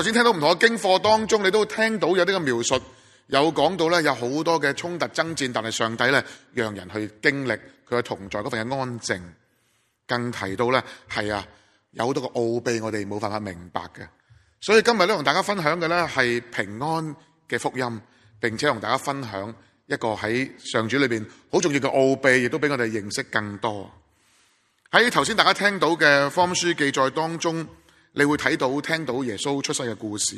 頭先聽到唔同嘅經課當中，你都聽到有呢個描述，有講到呢，有好多嘅衝突爭戰，但係上帝呢，讓人去經歷佢嘅同在嗰份嘅安靜，更提到呢，係啊有好多個奧秘我哋冇辦法明白嘅。所以今日呢，同大家分享嘅呢係平安嘅福音，並且同大家分享一個喺上主裏邊好重要嘅奧秘，亦都俾我哋認識更多。喺頭先大家聽到嘅方書記載當中。你會睇到、聽到耶穌出生嘅故事。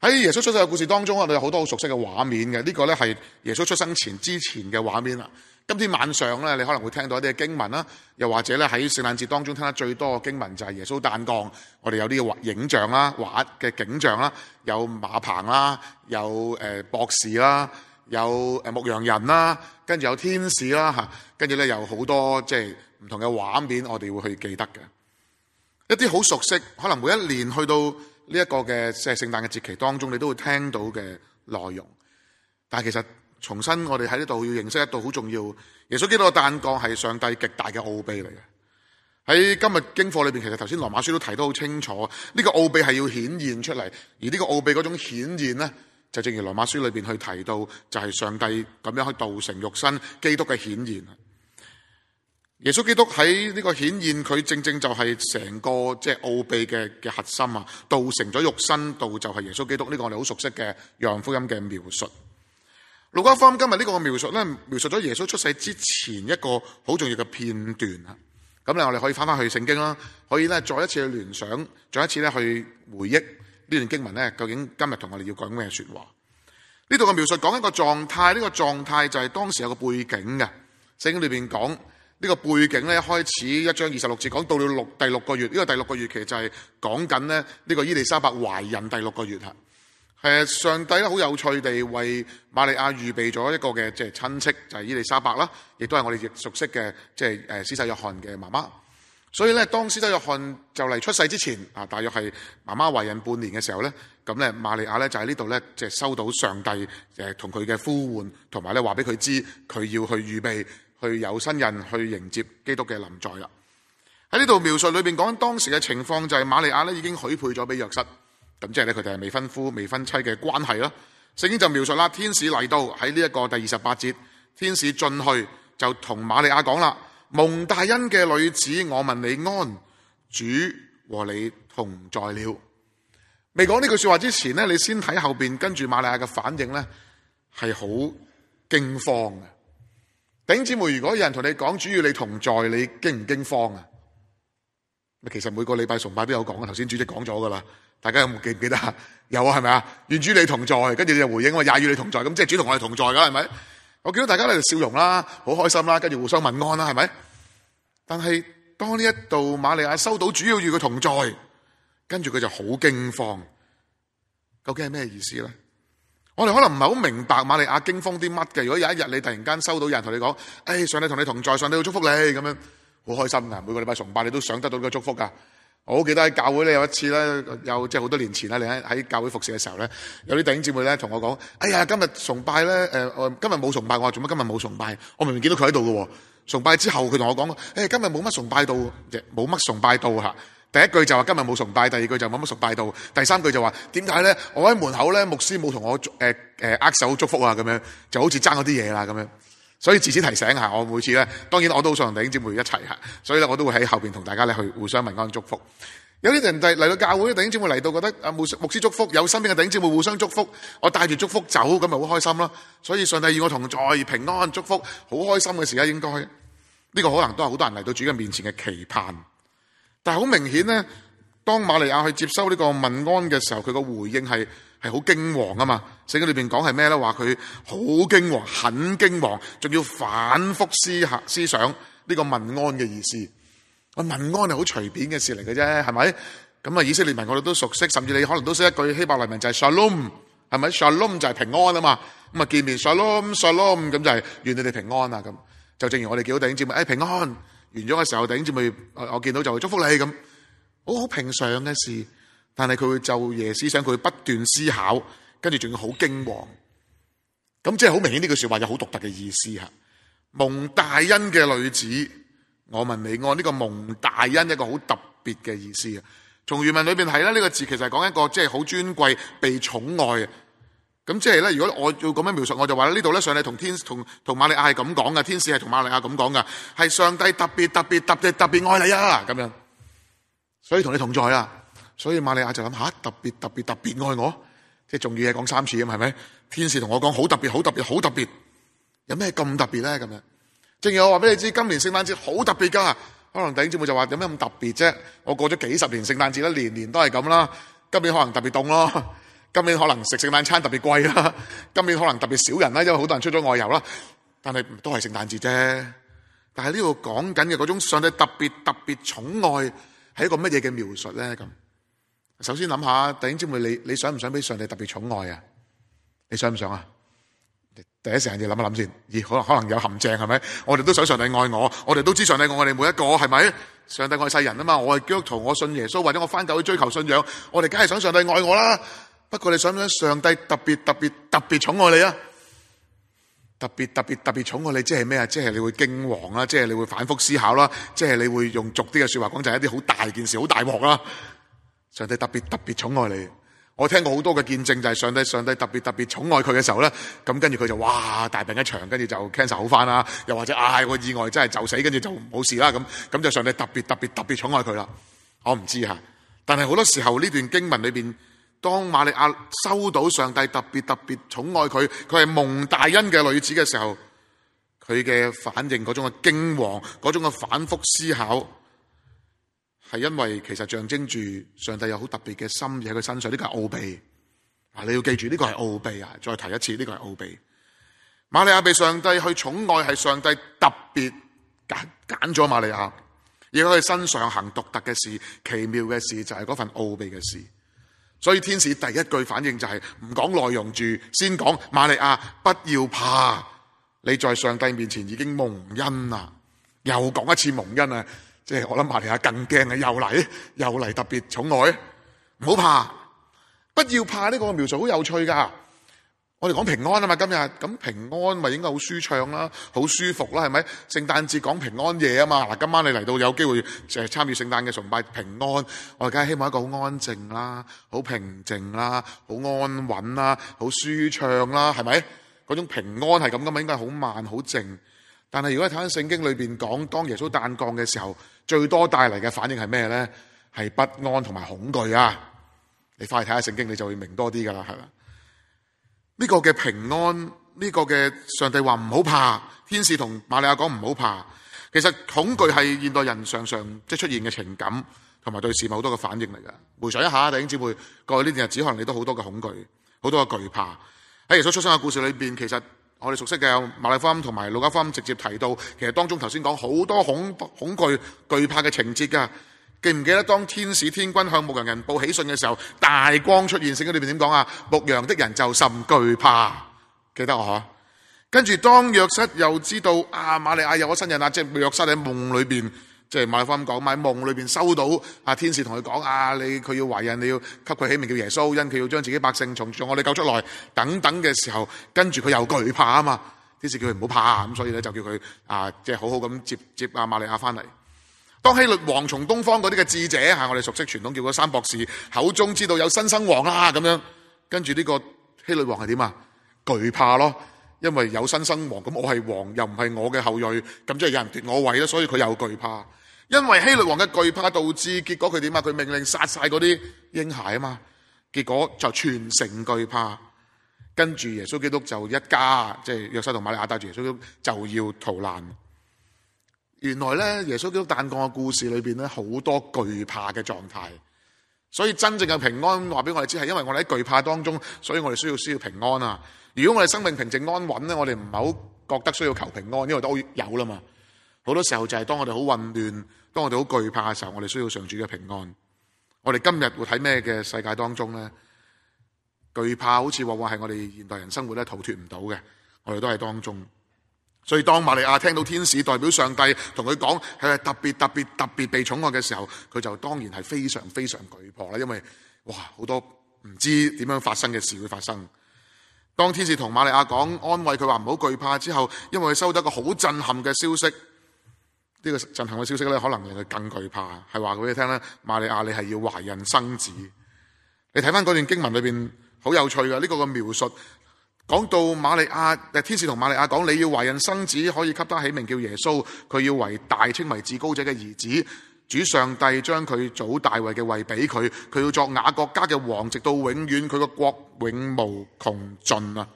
喺耶穌出生嘅故事當中，我哋有好多好熟悉嘅畫面嘅。呢、呢個呢係耶穌出生前之前嘅畫面啦。今天晚上呢，你可能會聽到一啲嘅經文啦，又或者呢，喺聖誕節當中聽得最多嘅經文就係耶穌誕降。我哋有啲畫、影像啦、畫嘅景象啦，有馬棚啦，有誒博士啦，有誒牧羊人啦，跟住有天使啦吓，跟住呢，有好多即係唔同嘅畫面，我哋會去記得嘅。一啲好熟悉，可能每一年去到呢一個嘅聖誕嘅節期當中，你都會聽到嘅內容。但係其實重新我哋喺呢度要認識一道好重要，耶穌基督嘅誕降係上帝極大嘅奧秘嚟嘅。喺今日經課裏邊，其實頭先羅馬書都提得好清楚，呢個奧秘係要顯現出嚟，而呢個奧秘嗰種顯現咧，就正如羅馬書裏邊去提到，就係上帝咁樣去道成肉身基督嘅顯現。耶穌基督喺呢個顯現，佢正正就係成個即係奧秘嘅嘅核心啊！道成咗肉身，道就係耶穌基督，呢個我哋好熟悉嘅約翰福音嘅描述。路加福音今日呢個描述呢，描述咗耶穌出世之前一個好重要嘅片段啊！咁咧我哋可以翻翻去聖經啦，可以咧再一次去聯想，再一次咧去回憶呢段經文呢，究竟今日同我哋要講咩說話？呢度嘅描述講一個狀態，呢個狀態就係當時有個背景㗎。聖經裏邊講。呢個背景咧，一開始一章二十六節講到了六第六個月，呢個第六個月其實就係講緊咧呢、這個伊麗莎白懷孕第六個月嚇。誒上帝咧好有趣地為瑪利亞預備咗一個嘅即係親戚，就係、是、伊麗莎白啦，亦都係我哋亦熟悉嘅即係誒施洗約翰嘅媽媽。所以咧，當施洗約翰就嚟出世之前啊，大約係媽媽懷孕半年嘅時候咧。咁咧，瑪利亞咧就喺呢度咧，即係收到上帝誒同佢嘅呼喚，同埋咧話俾佢知，佢要去預備，去有新人去迎接基督嘅臨在啦。喺呢度描述裏邊講當時嘅情況就係瑪利亞咧已經許配咗俾約瑟，咁即係咧佢哋係未婚夫未婚妻嘅關係咯。聖經就描述啦，天使嚟到喺呢一個第二十八節，天使進去就同瑪利亞講啦：蒙大恩嘅女子，我問你安，主和你同在了。未講呢句說話之前咧，你先睇後邊跟住瑪利亞嘅反應咧，係好驚慌嘅。弟兄姊妹，如果有人同你講主與你同在，你驚唔驚慌啊？其實每個禮拜崇拜都有講嘅，頭先主席講咗噶啦。大家有冇記唔記得啊？有啊，係咪啊？願主你同在，跟住你就回應我也與你同在，咁即係主同我哋同在噶，係咪？我見到大家咧就笑容啦，好開心啦，跟住互相問安啦，係咪？但係當呢一度瑪利亞收到主要與佢同在。跟住佢就好驚慌，究竟係咩意思咧？我哋可能唔係好明白瑪利亞驚慌啲乜嘅。如果有一日你突然間收到有人同你講：，誒、哎、上帝同你同在，上帝會祝福你咁樣，好開心噶。每個禮拜崇拜你都想得到嘅祝福噶。我記得喺教會咧有一次咧，有即係好多年前啦，你喺喺教會服侍嘅時候咧，有啲弟兄姊妹咧同我講：，哎呀，今日崇拜咧、呃，今日冇崇拜，我話做乜今日冇崇拜？我明明見到佢喺度噶喎。崇拜之後佢同我講：，誒、哎、今日冇乜崇拜到，冇乜崇拜到嚇第一句就話今日冇崇拜，第二句就冇乜崇拜到，第三句就話，點解呢？我喺門口呢，牧師冇同我誒誒、呃呃、握手祝福啊，咁樣就好似爭咗啲嘢，啦咁樣。所以自此提醒下我每次呢，當然我都好想同弟兄姊妹一齊吓，所以咧我都會喺後邊同大家咧去互相問安祝福。有啲人嚟到教會弟兄姊妹嚟到，覺得啊牧、牧師祝福，有身邊嘅弟兄姊妹互相祝福，我帶住祝福走，咁咪好開心咯。所以上帝與我同在，平安祝福，好開心嘅事啊，應該呢、呢個可能都係好多人嚟到主嘅面前嘅期盼。但係好明顯咧，當瑪利亞去接收呢個問安嘅時候，佢個回應係係好驚惶啊嘛！聖經裏邊講係咩咧？話佢好驚惶，很驚惶，仲要反復思考思想呢個問安嘅意思。問安係好隨便嘅事嚟嘅啫，係咪？咁啊，以色列民我哋都熟悉，甚至你可能都識一句希伯來文就係、是、shalom，係咪？shalom 就係平，sh sh 平安啊嘛。咁啊見面 shalom，shalom，咁就係願你哋平安啊咁。就正如我哋見到弟兄姊妹，哎，平安。完咗嘅時候，頂住咪，我見到就會祝福你咁，好好平常嘅事。但係佢會晝夜思想，佢會不斷思考，跟住仲要好驚惶。咁即係好明顯呢句說話有好獨特嘅意思吓。蒙大恩嘅女子，我問你，我呢個蒙大恩一個好特別嘅意思啊。從原文裏邊睇，呢、這個字其實係講一個即係好尊貴、被寵愛啊。咁即係咧，如果我要咁樣描述，我就話呢度咧，上帝同天同同瑪利亞係咁講嘅，天使係同瑪利亞咁講嘅，係上帝特別特別特別特別愛你啊，咁樣，所以同你同在啊，所以瑪利亞就諗下、啊，特別特別特別愛我，即係仲要嘢講三次咁，係咪？天使同我講好特別，好特別，好特別，有咩咁特別咧？咁樣，正如我話俾你知，今年聖誕節好特別噶，可能弟兄姊妹就話有咩咁特別啫？我過咗幾十年聖誕節啦，年年都係咁啦，今年可能特別凍咯。今年可能食聖誕餐特別貴啦，今年可能特別少人啦，因為好多人出咗外遊啦。但係都係聖誕節啫。但係呢度講緊嘅嗰種上帝特別特別寵愛，係一個乜嘢嘅描述咧？咁首先諗下，弟兄姊妹，你你想唔想俾上帝特別寵愛啊？你想唔想啊？你第一時間諗一諗先，咦、欸？可能可能有陷阱係咪？我哋都想上帝愛我，我哋都知上帝愛我哋每一個，係咪？上帝愛世人啊嘛，我係基督徒，我信耶穌，或者我翻教去追求信仰，我哋梗係想上帝愛我啦。不過你想唔想上帝特別特別特別寵愛你啊？特別特別特別寵愛你，即係咩啊？即係你會驚惶啦，即係你會反覆思考啦，即係你會用俗啲嘅說話講就係、是、一啲好大件事、好大鑊啦。上帝特別特別寵愛你，我聽過好多嘅見證就係上帝上帝特別特別寵愛佢嘅時候咧，咁跟住佢就哇大病一場，跟住就 cancer 好翻啦，又或者唉、哎、個意外真係就死，跟住就冇事啦咁，咁就上帝特別特別特別寵愛佢啦。我唔知吓，但係好多時候呢段經文裏邊。當瑪利亞收到上帝特別特別寵愛佢，佢係蒙大恩嘅女子嘅時候，佢嘅反應嗰種嘅驚惶，嗰種嘅反覆思考，係因為其實象徵住上帝有好特別嘅心意喺佢身上。呢個係奧秘，嗱、啊、你要記住，呢個係奧秘啊！再提一次，呢個係奧秘。瑪利亞被上帝去寵愛，係上帝特別揀揀咗瑪利亞，而喺佢身上行獨特嘅事、奇妙嘅事，就係、是、嗰份奧秘嘅事。所以天使第一句反應就係唔講內容住，先講瑪利亞，不要怕，你在上帝面前已經蒙恩啦，又講一次蒙恩啊，即係我諗瑪利亞更驚啊，又嚟，又嚟特別寵愛，唔好怕，不要怕，呢個描述好有趣噶。我哋講平安啊嘛，今日咁平安咪應該好舒暢啦，好舒服啦，係咪？聖誕節講平安夜啊嘛，嗱，今晚你嚟到有機會，誒，參與聖誕嘅崇拜平安，我哋梗係希望一個好安靜啦，好平靜啦，好安穩啦，好舒暢啦，係咪？嗰種平安係咁噶嘛，應該好慢、好靜。但係如果你睇翻聖經裏邊講，當耶穌誕降嘅時候，最多帶嚟嘅反應係咩呢？係不安同埋恐懼啊！你快睇下聖經，你就會明多啲噶啦，係呢個嘅平安，呢、這個嘅上帝話唔好怕，天使同瑪利亞講唔好怕。其實恐懼係現代人常常即、就是、出現嘅情感，同埋對事物好多嘅反應嚟噶。回想一下，弟兄姊妹，過去呢段日子可能你都好多嘅恐懼，好多嘅懼怕。喺耶穌出生嘅故事裏面，其實我哋熟悉嘅有馬太福音同埋路加福音直接提到，其實當中頭先講好多恐恐懼、懼怕嘅情節㗎。記唔記得當天使天軍向牧羊人報喜訊嘅時候，大光出現，聖經裏邊點講啊？牧羊的人就甚懼怕，記得我吓。跟住當約瑟又知道阿、啊、瑪利亞有咗身孕啊，即係約瑟喺夢裏邊，即係瑪麗翻咁講，喺夢裏邊收到阿、啊、天使同佢講啊，你佢要懷孕，你要給佢起名叫耶穌，因佢要將自己百姓從從我哋救出來等等嘅時候，跟住佢又懼怕啊嘛，天使叫佢唔好怕，咁所以咧就叫佢啊，即係好好咁接接阿、啊、瑪麗亞翻嚟。當希律王從東方嗰啲嘅智者吓，我哋熟悉傳統叫嗰三博士，口中知道有新生王啦咁樣，跟住呢個希律王係點啊？懼怕咯，因為有新生王，咁我係王又唔係我嘅後裔，咁即係有人奪我位啦，所以佢又懼怕。因為希律王嘅懼怕導致結果佢點啊？佢命令殺晒嗰啲嬰孩啊嘛，結果就全城懼怕。跟住耶穌基督就一家，即係約瑟同瑪利亞帶住耶穌基督就要逃難。原來咧，耶穌基督誕降嘅故事裏邊咧，好多懼怕嘅狀態。所以真正嘅平安，話俾我哋知係因為我哋喺懼怕當中，所以我哋需要需要平安啊！如果我哋生命平靜安穩咧，我哋唔係好覺得需要求平安，因為都有啦嘛。好多時候就係當我哋好混亂，當我哋好懼怕嘅時候，我哋需要上主嘅平安。我哋今日會喺咩嘅世界當中咧？懼怕好似往往係我哋現代人生活咧逃脫唔到嘅，我哋都係當中。所以當瑪利亞聽到天使代表上帝同佢講佢係特別特別特別被寵愛嘅時候，佢就當然係非常非常懼怕啦。因為哇，好多唔知點樣發生嘅事會發生。當天使同瑪利亞講，安慰佢話唔好懼怕之後，因為佢收到一個好震撼嘅消息，呢、這個震撼嘅消息咧，可能令佢更懼怕，係話俾你聽咧，瑪利亞你係要懷孕生子。你睇翻嗰段經文裏邊好有趣嘅呢、這個嘅描述。講到瑪利亞，誒，天使同瑪利亞講，你要懷孕生子，可以給他起名叫耶穌。佢要為大稱為至高者嘅兒子，主上帝將佢祖大衛嘅位俾佢，佢要作雅各家嘅王，直到永遠，佢個國永無窮盡啊！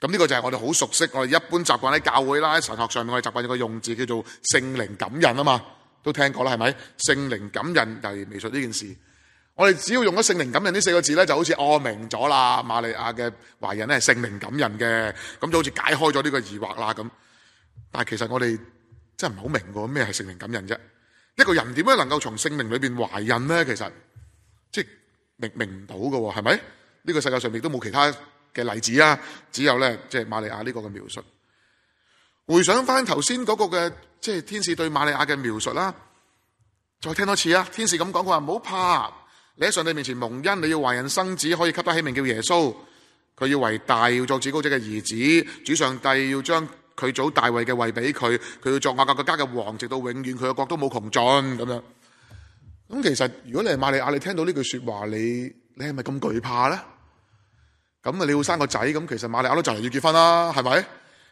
咁呢個就係我哋好熟悉，我哋一般習慣喺教會啦，喺神學上面，我哋習慣有個用字叫做聖靈感孕啊嘛，都聽過啦，係咪？聖靈感孕就係描述呢件事。我哋只要用咗聖靈感人呢四個字咧，就好似我、哦、明咗啦。馬利亞嘅懷孕咧係聖靈感人嘅，咁就好似解開咗呢個疑惑啦咁。但係其實我哋真係唔係好明，咩係聖靈感人啫？一個人點樣能夠從聖靈裏邊懷孕咧？其實即係、就是、明明唔到噶，係咪？呢、呢個世界上面都冇其他嘅例子啊，只有咧即係馬利亞呢個嘅描述。回想翻頭先嗰個嘅即係天使對馬利亞嘅描述啦，再聽多次啊！天使咁講，佢話唔好怕。你喺上帝面前蒙恩，你要懷孕生子，可以吸得起名叫耶穌。佢要為大，要作至高者嘅兒子。主上帝要將佢祖大衛嘅位俾佢，佢要作雅各嘅家嘅王，直到永遠，佢嘅國都冇窮盡咁樣。咁其實如果你係瑪利亞，你聽到呢句說話，你你係咪咁懼怕呢？咁啊，你要生個仔咁，其實瑪利亞都就嚟要結婚啦，係咪？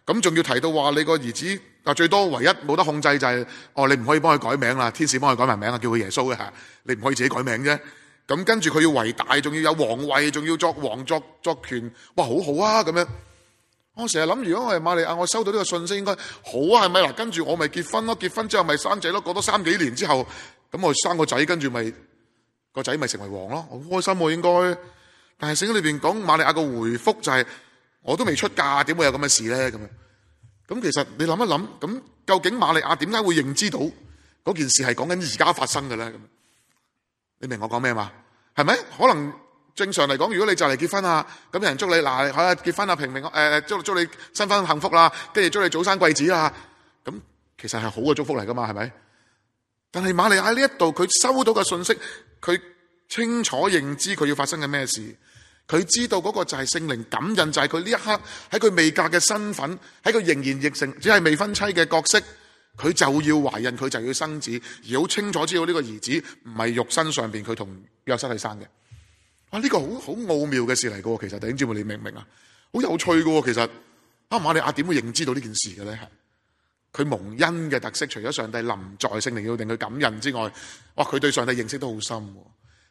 咁仲要提到話你個兒子，啊最多唯一冇得控制就係、是，哦你唔可以幫佢改名啦，天使幫佢改埋名啊，我叫佢耶穌嘅吓，你唔可以自己改名啫。咁跟住佢要為大，仲要有皇位，仲要作皇作作權，哇，好好啊！咁樣，我成日諗，如果我係瑪利亞，我收到呢個信息，應該好啊，係咪嗱？跟住我咪結婚咯，結婚之後咪生仔咯，過多三幾年之後，咁我生個仔，跟住咪個仔咪成為王咯，好開心我、啊、應該，但係聖經裏邊講瑪利亞個回覆就係、是，我都未出嫁，點會有咁嘅事咧？咁樣，咁其實你諗一諗，咁究竟瑪利亞點解會認知到嗰件事係講緊而家發生嘅咧？咁。你明我講咩嘛？係咪？可能正常嚟講，如果你就嚟結婚啊，咁有人祝你嗱，好啊結婚啊，平平，誒、呃、祝祝你新婚幸福啦，跟住祝你早生貴子啊。咁其實係好嘅祝福嚟噶嘛？係咪？但係瑪利亞呢一度佢收到嘅信息，佢清楚認知佢要發生嘅咩事，佢知道嗰個就係聖靈感應，就係佢呢一刻喺佢未嫁嘅身份，喺佢仍然亦成只係未婚妻嘅角色。佢就要懷孕，佢就要生子，而好清楚知道呢個兒子唔係肉身上邊佢同約瑟係生嘅。哇！呢、這個好好奧妙嘅事嚟噶，其實弟兄姊妹，你明唔明啊？好有趣噶，其實啊，阿瑪利亞點會認知到呢件事嘅咧？係佢蒙恩嘅特色，除咗上帝臨在聖靈要令佢感恩之外，哇！佢對上帝認識都好深。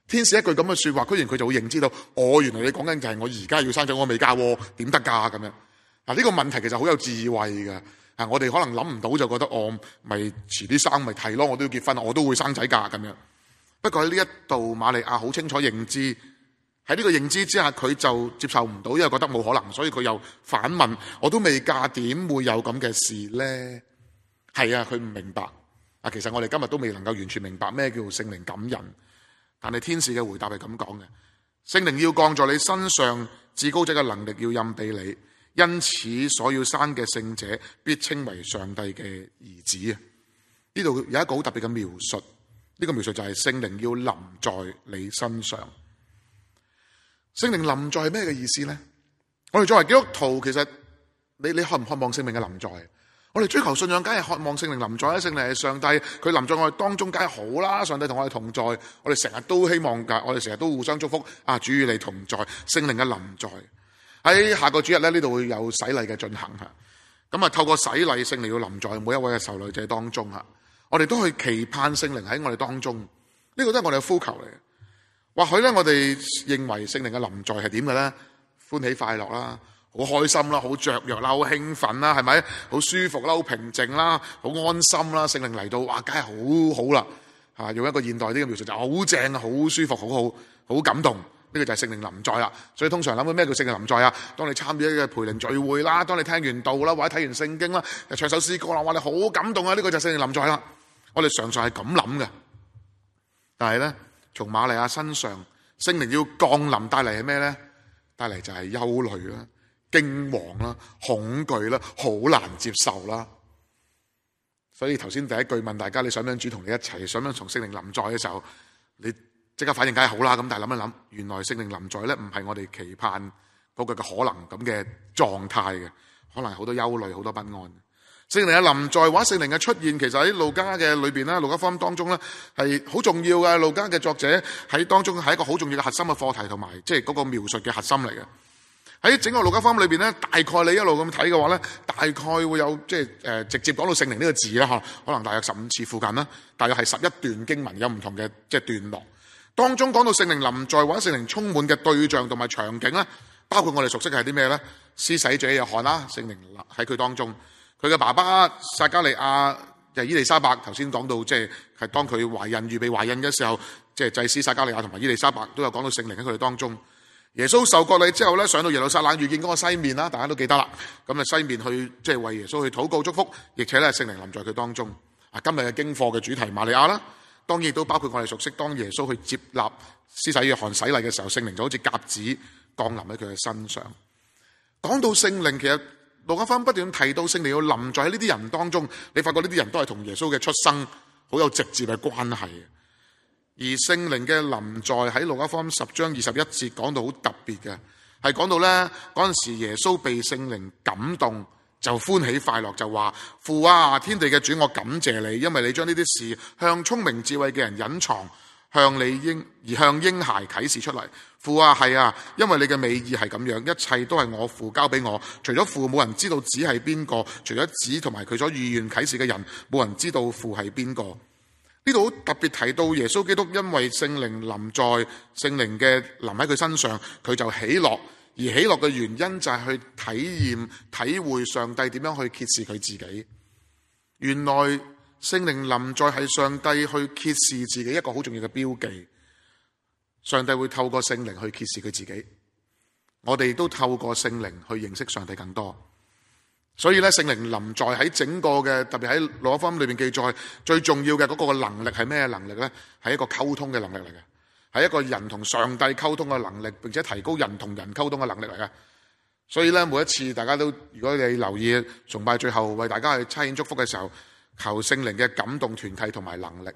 天使一句咁嘅說話，居然佢就會認知到，我、哦、原來你講緊就係我而家要生咗我未嫁，點得嫁咁樣？嗱，呢個問題其實好有智慧噶。啊！我哋可能諗唔到就覺得，我咪遲啲生咪提咯，我都要結婚，我都會生仔嫁咁樣。不過喺呢一度，瑪利亞好清楚認知，喺呢個認知之下，佢就接受唔到，因為覺得冇可能，所以佢又反問：我都未嫁，點會有咁嘅事呢？係啊，佢唔明白。啊，其實我哋今日都未能夠完全明白咩叫聖靈感人。但係天使嘅回答係咁講嘅：聖靈要降在你身上，至高者嘅能力要任俾你。因此所要生嘅聖者必稱為上帝嘅兒子啊！呢度有一個好特別嘅描述，呢個描述就係聖靈要臨在你身上。聖靈臨在係咩嘅意思咧？我哋作為基督徒，其實你你渴唔渴望聖靈嘅臨在？我哋追求信仰，梗係渴望聖靈臨在啦！聖靈係上帝，佢臨在我哋當中，梗係好啦！上帝同我哋同在，我哋成日都希望噶，我哋成日都互相祝福啊！主與你同在，聖靈嘅臨在。喺下個主日咧，呢度會有洗禮嘅進行吓，咁啊，透過洗禮，聖靈要臨在每一位嘅受禮者當中吓，我哋都去期盼聖靈喺我哋當中，呢、這個都係我哋嘅呼求嚟嘅。或許咧，我哋認為聖靈嘅臨在係點嘅咧？歡喜快樂啦，好開心啦，好雀躍啦，好興奮啦，係咪？好舒服啦，好平靜啦，好安心啦，聖靈嚟到，哇，梗係好好啦，吓，用一個現代啲嘅描述就好正啊，好舒服，好好好感動。呢個就係聖靈臨在啦，所以通常諗到咩叫聖靈臨在啊？當你參與一個培靈聚會啦，當你聽完道啦，或者睇完聖經啦，就唱首詩歌啦，哇，你好感動啊！呢個就係聖靈臨在啦。我哋常常係咁諗嘅，但係咧，從瑪利亞身上，聖靈要降臨帶嚟係咩咧？帶嚟就係憂慮啦、驚惶啦、恐懼啦、好難接受啦。所以頭先第一句問大家：你想唔想主同你一齊？想唔想從聖靈臨在嘅時候你？即刻反應梗係好啦，咁但係諗一諗，原來聖靈臨在咧，唔係我哋期盼嗰個嘅可能咁嘅狀態嘅，可能係好多憂慮、好多不安。聖靈嘅臨在，或者聖靈嘅出現，其實喺路加嘅裏邊啦，路加福音當中咧係好重要嘅。路加嘅作者喺當中係一個好重要嘅核心嘅課題，同埋即係嗰個描述嘅核心嚟嘅。喺整個路加福音裏邊咧，大概你一路咁睇嘅話咧，大概會有即係誒直接講到聖靈呢個字啦嚇，可能大約十五次附近啦，大約係十一段經文有唔同嘅即係、就是、段落。當中講到聖靈臨在或者聖靈充滿嘅對象同埋場景咧，包括我哋熟悉嘅係啲咩咧？施洗者約翰啦，聖靈喺佢當中。佢嘅爸爸撒加利亞就是、伊利沙伯，頭先講到即係係當佢懷孕預備懷孕嘅時候，即、就、係、是、祭司撒加利亞同埋伊利沙伯都有講到聖靈喺佢哋當中。耶穌受割禮之後咧，上到耶路撒冷遇見嗰個西面啦，大家都記得啦。咁啊西面去即係、就是、為耶穌去禱告祝福，而且咧聖靈臨在佢當中。啊今日嘅經課嘅主題馬利亞啦。當然亦都包括我哋熟悉，當耶穌去接納施洗約翰洗禮嘅時候，聖靈就好似鴿子降臨喺佢嘅身上。講到聖靈，其實路加福音不斷提到聖靈要臨在喺呢啲人當中，你發覺呢啲人都係同耶穌嘅出生好有直接嘅關係。而聖靈嘅臨在喺路加福音十章二十一節講到好特別嘅，係講到呢嗰陣時耶穌被聖靈感動。就歡喜快樂，就話父啊，天地嘅主，我感謝你，因為你將呢啲事向聰明智慧嘅人隱藏，向你嬰而向嬰孩啟示出嚟。父啊，係啊，因為你嘅美意係咁樣，一切都係我父交俾我。除咗父，冇人知道子係邊個；除咗子同埋佢所意願啟示嘅人，冇人知道父係邊個。呢度特別提到耶穌基督，因為聖靈臨在，聖靈嘅臨喺佢身上，佢就喜樂而喜樂嘅原因就係去體驗、體會上帝點樣去揭示佢自己。原來聖靈臨在係上帝去揭示自己一個好重要嘅標記。上帝會透過聖靈去揭示佢自己，我哋都透過聖靈去認識上帝更多。所以咧，聖靈臨在喺整個嘅特別喺《羅馬書》裏邊記載，最重要嘅嗰個能力係咩能力咧？係一個溝通嘅能力嚟嘅。係一個人同上帝溝通嘅能力，並且提高人同人的溝通嘅能力嚟嘅。所以咧，每一次大家都如果你留意崇拜最後為大家去差遣祝福嘅時候，求聖靈嘅感動、團體同埋能力。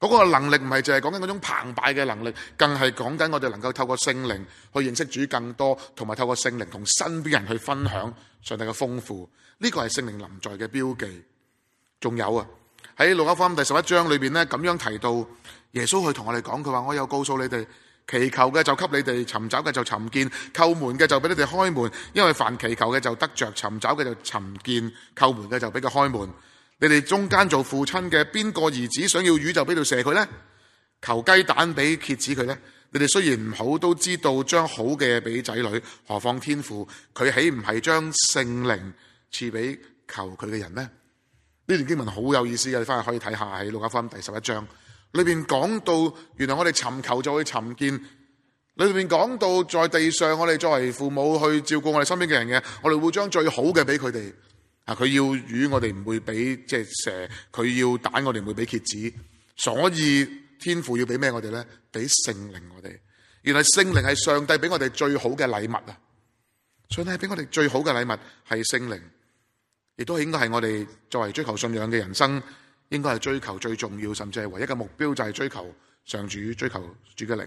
嗰、那個能力唔係淨係講緊嗰種澎湃嘅能力，更係講緊我哋能夠透過聖靈去認識主更多，同埋透過聖靈同身邊人去分享上帝嘅豐富。呢、這個係聖靈臨在嘅標記。仲有啊，喺路加福音第十一章裏邊呢，咁樣提到。耶穌佢同我哋講，佢話：我有告訴你哋，祈求嘅就給你哋，尋找嘅就尋見，叩門嘅就俾你哋開門，因為凡祈求嘅就得着，尋找嘅就尋見，叩門嘅就俾佢開門。你哋中間做父親嘅邊個兒子想要魚就俾條蛇佢呢？求雞蛋俾蠍子佢呢？你哋雖然唔好都知道將好嘅俾仔女，何況天父佢豈唔係將聖靈賜俾求佢嘅人呢？呢段經文好有意思嘅，你翻去可以睇下喺路加福音第十一章。裏邊講到，原來我哋尋求就會尋見。裏邊講到，在地上我哋作為父母去照顧我哋身邊嘅人嘅，我哋會將最好嘅俾佢哋。啊，佢要魚我哋唔會俾，即係蛇，佢要蛋我哋唔會俾蠍子。所以天父要俾咩我哋咧？俾聖靈我哋。原來聖靈係上帝俾我哋最好嘅禮物啊！上帝俾我哋最好嘅禮物係聖靈，亦都應該係我哋作為追求信仰嘅人生。應該係追求最重要，甚至係唯一嘅目標，就係追求上主，追求主嘅靈。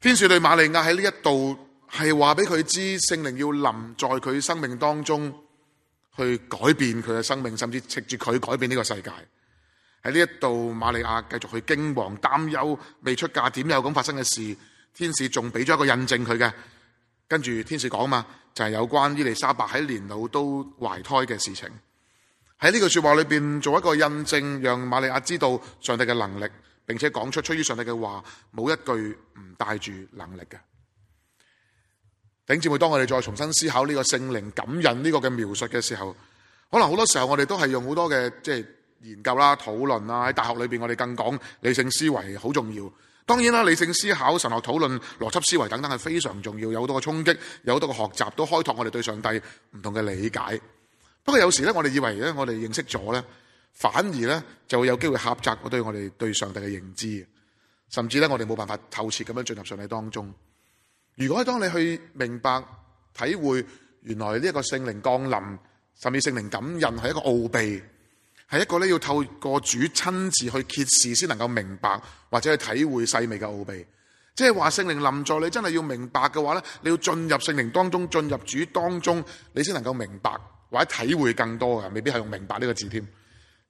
天使對瑪利亞喺呢一度係話俾佢知，聖靈要臨在佢生命當中，去改變佢嘅生命，甚至藉住佢改變呢個世界。喺呢一度，瑪利亞繼續去驚惶、擔憂，未出嫁點有咁發生嘅事。天使仲俾咗一個印證佢嘅，跟住天使講嘛，就係有關伊利沙伯喺年老都懷胎嘅事情。喺呢句說話裏邊，做一個印證，讓瑪利亞知道上帝嘅能力，並且講出出於上帝嘅話，冇一句唔帶住能力嘅。至會，當我哋再重新思考呢個聖靈感引呢個嘅描述嘅時候，可能好多時候我哋都係用好多嘅即係研究啦、討論啦。喺大學裏邊，我哋更講理性思維好重要。當然啦，理性思考、神學討論、邏輯思維等等係非常重要，有好多嘅衝擊，有好多嘅學習，都開拓我哋對上帝唔同嘅理解。不過有時咧，我哋以為咧，我哋認識咗咧，反而咧就會有機會狹窄我對我哋對上帝嘅認知，甚至咧我哋冇辦法透徹咁樣進入上帝當中。如果當你去明白、體會原來呢一個聖靈降臨，甚至聖靈感人係一個奧秘，係一個咧要透過主親自去揭示先能夠明白或者去體會細微嘅奧秘。即係話聖靈臨在你，真係要明白嘅話咧，你要進入聖靈當中，進入主當中，你先能夠明白。或者體會更多嘅，未必係用明白呢個字添。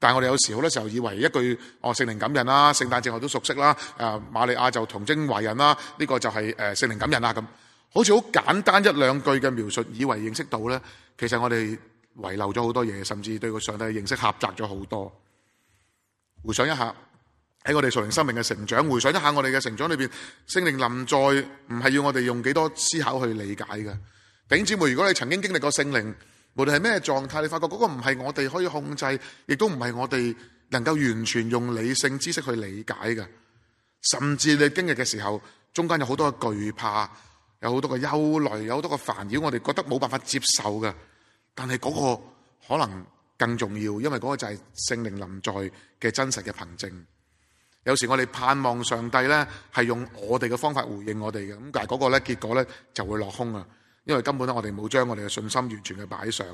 但係我哋有時好多時候以為一句哦聖靈感人啦，聖誕節我都熟悉啦，誒瑪利亞就童貞懷孕啦，呢個就係誒聖靈感人啦咁。好似好簡單一兩句嘅描述，以為認識到呢，其實我哋遺漏咗好多嘢，甚至對個上帝認識狹窄咗好多。回想一下喺我哋屬靈生命嘅成長，回想一下我哋嘅成長裏面，聖靈臨在，唔係要我哋用幾多思考去理解嘅。弟兄姊妹，如果你曾經經歷過聖靈，無論係咩狀態，你發覺嗰個唔係我哋可以控制，亦都唔係我哋能夠完全用理性知識去理解嘅。甚至你經歷嘅時候，中間有好多嘅懼怕，有好多嘅憂慮，有好多嘅煩擾，我哋覺得冇辦法接受嘅。但係嗰個可能更重要，因為嗰個就係聖靈臨在嘅真實嘅憑證。有時我哋盼望上帝呢係用我哋嘅方法回應我哋嘅，咁但係嗰個呢結果呢就會落空啊。因為根本我哋冇將我哋嘅信心完全嘅擺上，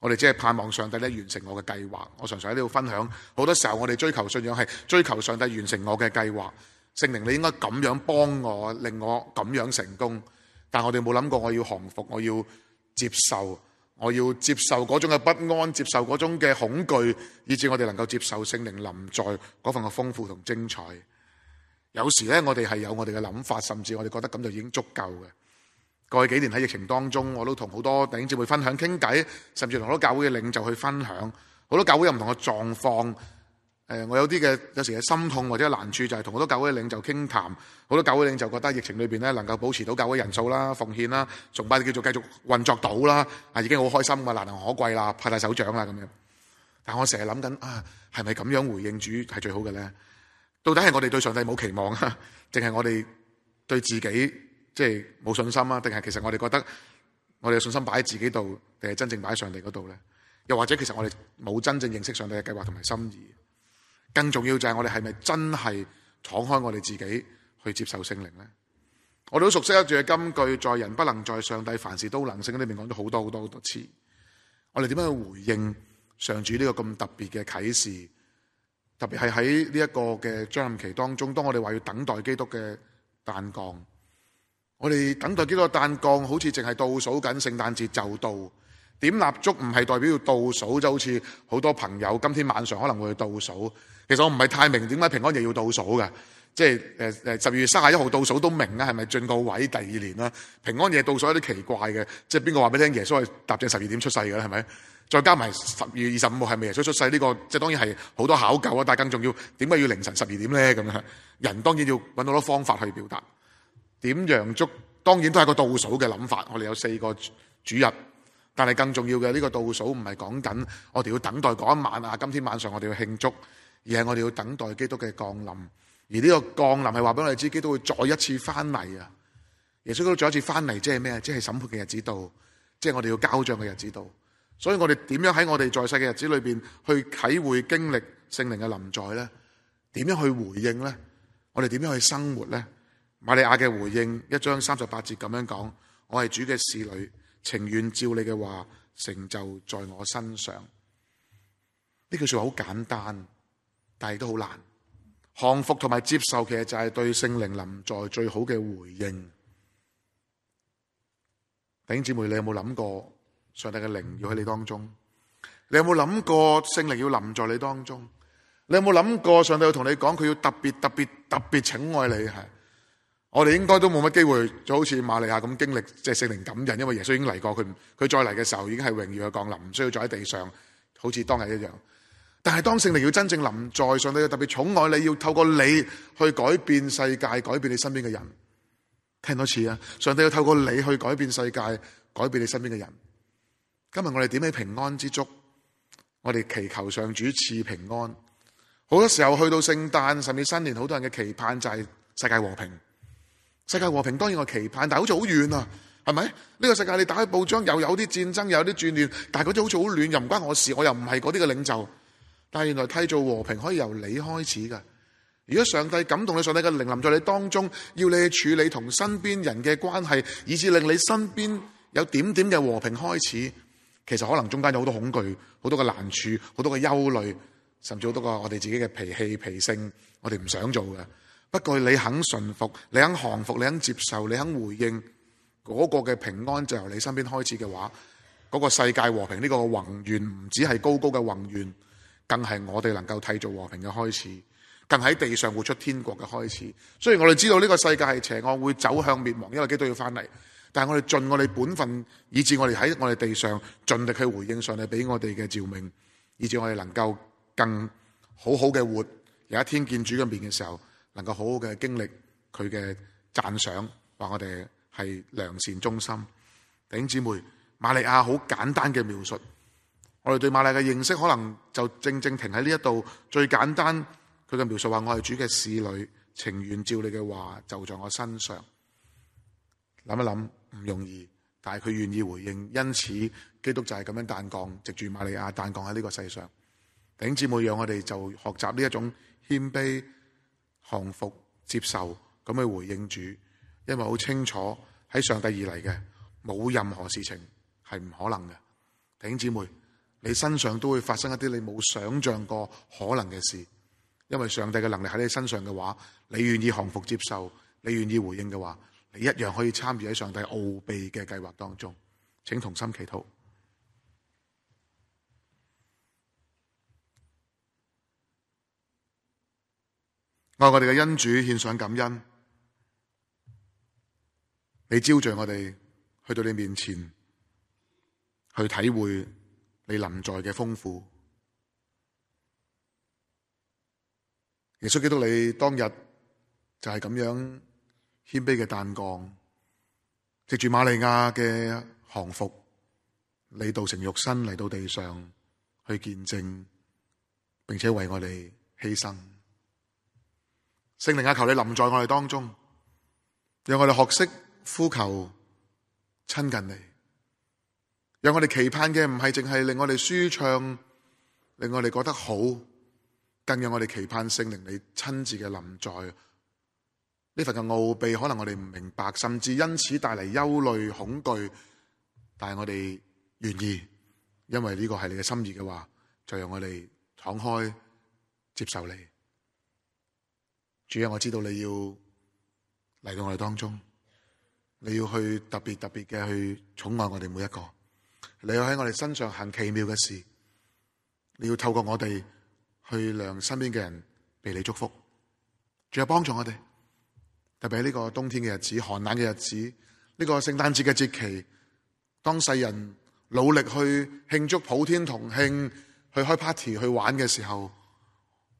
我哋只係盼望上帝咧完成我嘅計劃。我常常喺呢度分享，好多時候我哋追求信仰係追求上帝完成我嘅計劃。聖靈你應該咁樣幫我，令我咁樣成功。但我哋冇諗過，我要降服，我要接受，我要接受嗰種嘅不安，接受嗰種嘅恐懼，以致我哋能夠接受聖靈臨在嗰份嘅豐富同精彩。有時呢，我哋係有我哋嘅諗法，甚至我哋覺得咁就已經足夠嘅。過去幾年喺疫情當中，我都同好多弟兄姊妹分享傾偈，甚至同好多教會嘅領袖去分享。好多教會有唔同嘅狀況。呃、我有啲嘅有時嘅心痛或者難處，就係同好多教會嘅領袖傾談。好多教會的領袖覺得疫情裏邊咧能夠保持到教會人數啦、奉獻啦、崇拜叫做繼續運作到啦，啊已經好開心㗎，難能可貴啦，拍大手掌啦咁樣。但我成日諗緊啊，係咪咁樣回應主係最好嘅咧？到底係我哋對上帝冇期望啊？淨係我哋對自己？即係冇信心啊？定係其實我哋覺得我哋嘅信心擺喺自己度，定係真正擺喺上帝嗰度咧？又或者其實我哋冇真正認識上帝嘅計劃同埋心意？更重要就係我哋係咪真係敞開我哋自己去接受聖靈咧？我哋都熟悉得住嘅金句：在人不能，在上帝凡事都能。聖經裏面講咗好多好多好多次，我哋點樣去回應上主呢個咁特別嘅啟示？特別係喺呢一個嘅將臨期當中，當我哋話要等待基督嘅誕降。我哋等待幾多個誕降，好似淨係倒數緊聖誕節就到。點蠟燭唔係代表要倒數，就好似好多朋友今天晚上可能會倒數。其實我唔係太明點解平安夜要倒數嘅，即係誒誒十二月三十一號倒數都明啊，係咪進個位第二年啦？平安夜倒數有啲奇怪嘅，即係邊個話俾你聽耶穌係搭正十二點出世嘅啦？係咪？再加埋十二月二十五號係咪耶穌出世呢、這個？即係當然係好多考究啊！但係更重要點解要凌晨十二點咧？咁啊，人當然要揾好多方法去表達。點樣捉？當然都係個倒數嘅諗法。我哋有四個主日，但係更重要嘅呢個倒數唔係講緊我哋要等待嗰一晚啊！今天晚上我哋要慶祝，而係我哋要等待基督嘅降臨。而呢個降臨係話俾我哋知基督會再一次翻嚟啊！耶穌基督再一次翻嚟，即係咩啊？即係審判嘅日子到，即係我哋要交賬嘅日子到。所以我哋點樣喺我哋在世嘅日子裏邊去體會經歷聖靈嘅臨在呢？點樣去回應呢？我哋點樣去生活呢？瑪利亞嘅回應，一章三十八節咁樣講：我係主嘅侍女，情願照你嘅話成就在我身上。呢句說話好簡單，但係都好難。降服同埋接受，其實就係對聖靈臨在最好嘅回應。弟兄姊妹，你有冇諗過上帝嘅靈要喺你當中？你有冇諗過聖靈要臨在你當中？你有冇諗過上帝要同你講，佢要特別特別特別請愛你係？我哋應該都冇乜機會，就好似瑪利亞咁經歷，即係聖靈感人，因為耶穌已經嚟過，佢佢再嚟嘅時候已經係榮耀嘅降臨，唔需要再喺地上，好似當日一樣。但係當聖靈要真正臨在上帝，要特別寵愛你，要透過你去改變世界，改變你身邊嘅人。聽多次啊！上帝要透過你去改變世界，改變你身邊嘅人。今日我哋點起平安之燭，我哋祈求上主賜平安。好多時候去到聖誕甚至新年，好多人嘅期盼就係世界和平。世界和平當然我期盼，但係好似好遠啊，係咪？呢個世界你打開報章，又有啲戰爭，又有啲戰亂，但係嗰啲好似好亂，又唔關我事，我又唔係嗰啲嘅領袖。但係原來締造和平可以由你開始噶。如果上帝感動你，上帝嘅靈臨在你當中，要你去處理同身邊人嘅關係，以致令你身邊有點點嘅和平開始。其實可能中間有好多恐懼、好多嘅難處、好多嘅憂慮，甚至好多個我哋自己嘅脾氣、脾性，我哋唔想做嘅。不過你肯順服，你肯降服，你肯接受，你肯回應嗰個嘅平安，就由你身邊開始嘅話，嗰個世界和平呢個宏願唔止係高高嘅宏願，更係我哋能夠締造和平嘅開始，更喺地上活出天國嘅開始。雖然我哋知道呢個世界係邪惡會走向滅亡，因為基督要翻嚟。但係我哋盡我哋本分，以致我哋喺我哋地上盡力去回應上帝俾我哋嘅召命，以致我哋能夠更好好嘅活，有一天見主嘅面嘅時候。能夠好好嘅經歷佢嘅讚賞，話我哋係良善忠心。弟兄姊妹，瑪利亞好簡單嘅描述，我哋對瑪利亞嘅認識可能就正正停喺呢一度最簡單。佢嘅描述話：我係主嘅侍女，情願照你嘅話就在我身上。諗一諗唔容易，但係佢願意回應，因此基督就係咁樣誕降，藉住瑪利亞誕降喺呢個世上。弟兄姊妹，讓我哋就學習呢一種謙卑。降服接受咁去回應主，因為好清楚喺上帝而嚟嘅，冇任何事情係唔可能嘅。弟兄姊妹，你身上都會發生一啲你冇想象過可能嘅事，因為上帝嘅能力喺你身上嘅話，你願意降服接受，你願意回應嘅話，你一樣可以參與喺上帝奧秘嘅計劃當中。請同心祈禱。向我哋嘅恩主獻上感恩，你招聚我哋去到你面前，去體會你臨在嘅豐富。耶穌基督，你當日就係咁樣謙卑嘅誕降，藉住瑪利亞嘅降服，你道成肉身嚟到地上，去見證，並且為我哋犧牲。聖靈阿，求你臨在我哋當中，讓我哋學識呼求親近你，讓我哋期盼嘅唔係淨係令我哋舒暢，令我哋覺得好，更讓我哋期盼聖靈你親自嘅臨在。呢份嘅奧秘可能我哋唔明白，甚至因此帶嚟憂慮恐懼，但係我哋願意，因為呢個係你嘅心意嘅話，就讓我哋敞開接受你。主啊，我知道你要嚟到我哋當中，你要去特別特別嘅去寵愛我哋每一個，你要喺我哋身上行奇妙嘅事，你要透過我哋去讓身邊嘅人被你祝福。仲有幫助我哋，特別喺呢個冬天嘅日子、寒冷嘅日子，呢個聖誕節嘅節期，當世人努力去慶祝普天同慶、去開 party 去玩嘅時候，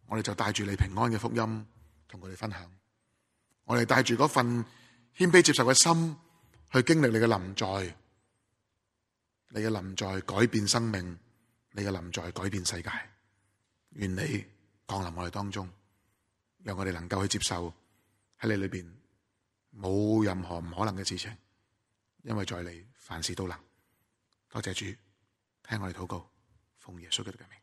我哋就帶住你平安嘅福音。同佢哋分享，我哋帶住嗰份謙卑接受嘅心，去經歷你嘅臨在，你嘅臨在改變生命，你嘅臨在改變世界。願你降臨我哋當中，讓我哋能夠去接受喺你裏邊冇任何唔可能嘅事情，因為在你凡事都能。多謝主，聽我哋禱告，奉耶穌基督嘅名。